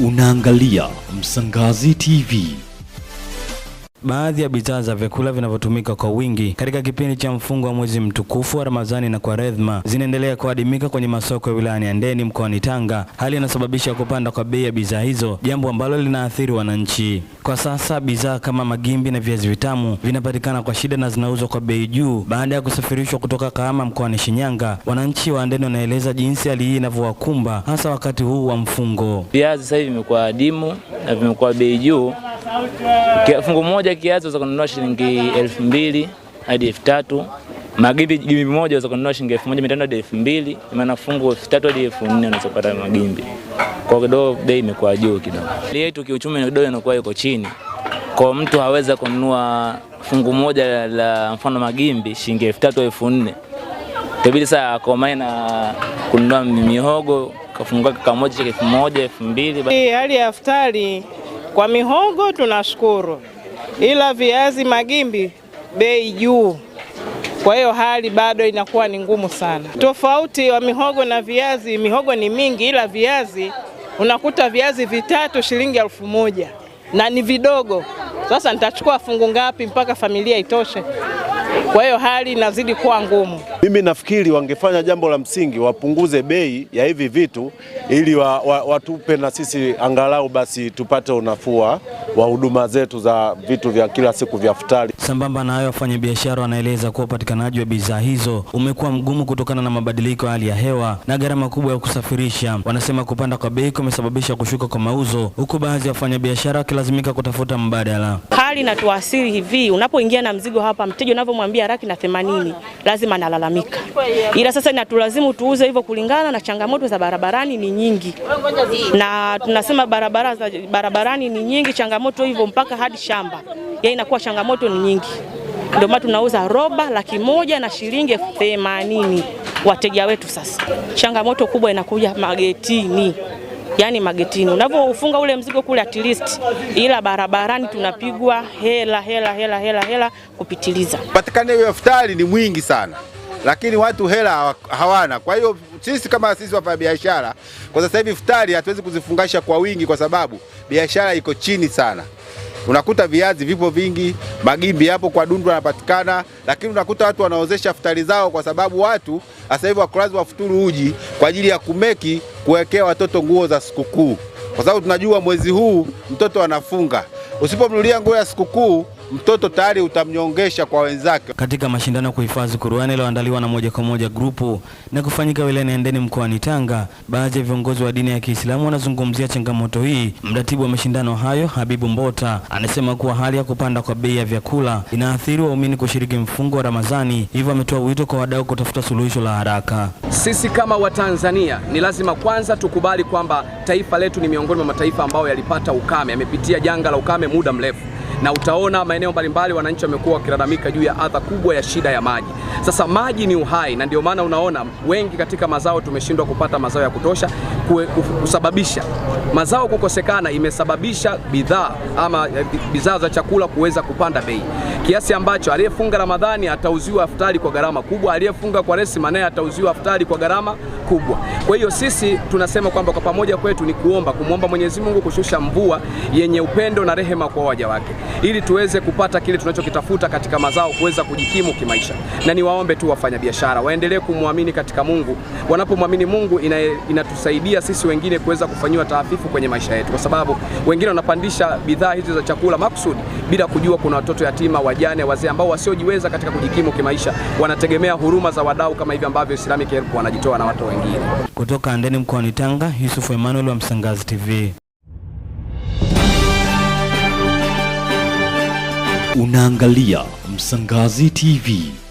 Unaangalia Msangazi TV baadhi ya bidhaa za vyakula vinavyotumika kwa wingi katika kipindi cha mfungo wa mwezi mtukufu wa Ramadhani na Kwaresma zinaendelea kuadimika kwenye masoko ya wilayani Handeni mkoani Tanga, hali inasababisha kupanda kwa bei ya bidhaa hizo, jambo ambalo linaathiri wananchi. Kwa sasa bidhaa kama magimbi na viazi vitamu vinapatikana kwa shida na zinauzwa kwa bei juu baada ya kusafirishwa kutoka Kahama mkoani Shinyanga. Wananchi wa Handeni wanaeleza jinsi hali hii inavyowakumba hasa wakati huu wa mfungo. Viazi sasa hivi vimekuwa adimu na vimekuwa bei juu Fungu moja kiasi za kununua shilingi elfu mbili hadi elfu tatu Magimbi jimbi moja unaweza kununua shilingi elfu moja mia tano hadi elfu mbili maana fungu elfu tatu hadi elfu nne unaweza kupata magimbi. Kwa kidogo bei imekuwa juu kidogo. Hali yetu kiuchumi kidogo inakuwa iko chini. Kwa mtu haweza kununua fungu moja la mfano magimbi shilingi elfu tatu elfu nne Itabidi sasa akomae na kununua mihogo kafungua kakamoja shilingi elfu moja elfu mbili. Hali ya futari kwa mihogo tunashukuru, ila viazi magimbi bei juu, kwa hiyo hali bado inakuwa ni ngumu sana. Tofauti wa mihogo na viazi, mihogo ni mingi, ila viazi unakuta viazi vitatu shilingi elfu moja na ni vidogo. Sasa nitachukua fungu ngapi mpaka familia itoshe? Kwa hiyo hali inazidi kuwa ngumu. Mimi nafikiri wangefanya jambo la msingi, wapunguze bei ya hivi vitu ili wa, wa, watupe na sisi angalau basi tupate unafua wa huduma zetu za vitu vya kila siku vya futari. Sambamba na hayo, wafanyabiashara wanaeleza kuwa upatikanaji wa bidhaa hizo umekuwa mgumu kutokana na mabadiliko ya hali ya hewa na gharama kubwa ya kusafirisha. Wanasema kupanda kwa bei kumesababisha kushuka kwa mauzo, huku baadhi ya wafanyabiashara wakilazimika kutafuta mbadala. Hali inatuasiri hivi, unapoingia na mzigo hapa, mteja unavyomwambia laki na themanini, lazima analalamika, ila sasa inatulazimu tuuze hivyo kulingana na changamoto za barabarani ni nyingi, na tunasema barabara za barabarani ni nyingi, changamoto hivyo mpaka hadi shamba, yaani inakuwa changamoto ni nyingi nyingi, ndio maana tunauza roba laki moja na shilingi elfu themanini wateja wetu. Sasa changamoto kubwa inakuja magetini yaani magetini unavyofunga ule mzigo kule at least, ila barabarani tunapigwa hela hela hela hela hela kupitiliza. Patikane hiyo ftari ni mwingi sana, lakini watu hela hawana. Kwa hiyo sisi kama sisi wafanyabiashara, kwa sasa hivi ftari hatuwezi kuzifungasha kwa wingi, kwa sababu biashara iko chini sana. Unakuta viazi vipo vingi, magimbi yapo kwa Dundu yanapatikana, lakini unakuta watu wanaozesha futari zao, kwa sababu watu sasa hivi wakulazi wafuturu uji kwa ajili ya kumeki kuwekea watoto nguo za sikukuu, kwa sababu tunajua mwezi huu mtoto anafunga. Usipomnulia nguo ya sikukuu mtoto tayari utamnyongesha kwa wenzake. Katika mashindano ya kuhifadhi Qur'ani yaliyoandaliwa na moja kwa moja grupu na kufanyika wilayani Handeni mkoani Tanga, baadhi ya viongozi wa dini ya Kiislamu wanazungumzia changamoto hii. Mratibu wa mashindano hayo Habibu Mbota anasema kuwa hali ya kupanda kwa bei ya vyakula inaathiri waumini kushiriki mfungo wa Ramadhani, hivyo ametoa wito kwa wadau kutafuta suluhisho la haraka. Sisi kama Watanzania ni lazima kwanza tukubali kwamba taifa letu ni miongoni mwa mataifa ambayo yalipata ukame, yamepitia janga la ukame muda mrefu na utaona maeneo mbalimbali wananchi wamekuwa wakilalamika juu ya adha kubwa ya shida ya maji. Sasa maji ni uhai, na ndio maana unaona wengi katika mazao tumeshindwa kupata mazao ya kutosha, kusababisha mazao kukosekana, imesababisha bidhaa ama eh, bidhaa za chakula kuweza kupanda bei kiasi ambacho aliyefunga Ramadhani atauziwa iftari kwa gharama kubwa, aliyefunga kwa resima naye atauziwa iftari kwa gharama kubwa. Kwa hiyo sisi tunasema kwamba kwa pamoja kwetu ni kuomba, kumwomba Mwenyezi Mungu kushusha mvua yenye upendo na rehema kwa waja wake ili tuweze kupata kile tunachokitafuta katika mazao, kuweza kujikimu kimaisha. Na niwaombe tu wafanyabiashara waendelee kumwamini katika Mungu. Wanapomwamini Mungu ina, inatusaidia sisi wengine kuweza kufanyiwa taafifu kwenye maisha yetu, kwa sababu wengine wanapandisha bidhaa hizi za chakula makusudi bila kujua kuna watoto yatima, wajane, wazee ambao wasiojiweza katika kujikimu kimaisha, wanategemea huruma za wadau kama hivi ambavyo Islamic Help wanajitoa na watu wengine. Kutoka Handeni mkoani Tanga, Yusufu Emmanuel wa Msangazi TV. Unaangalia Msangazi TV.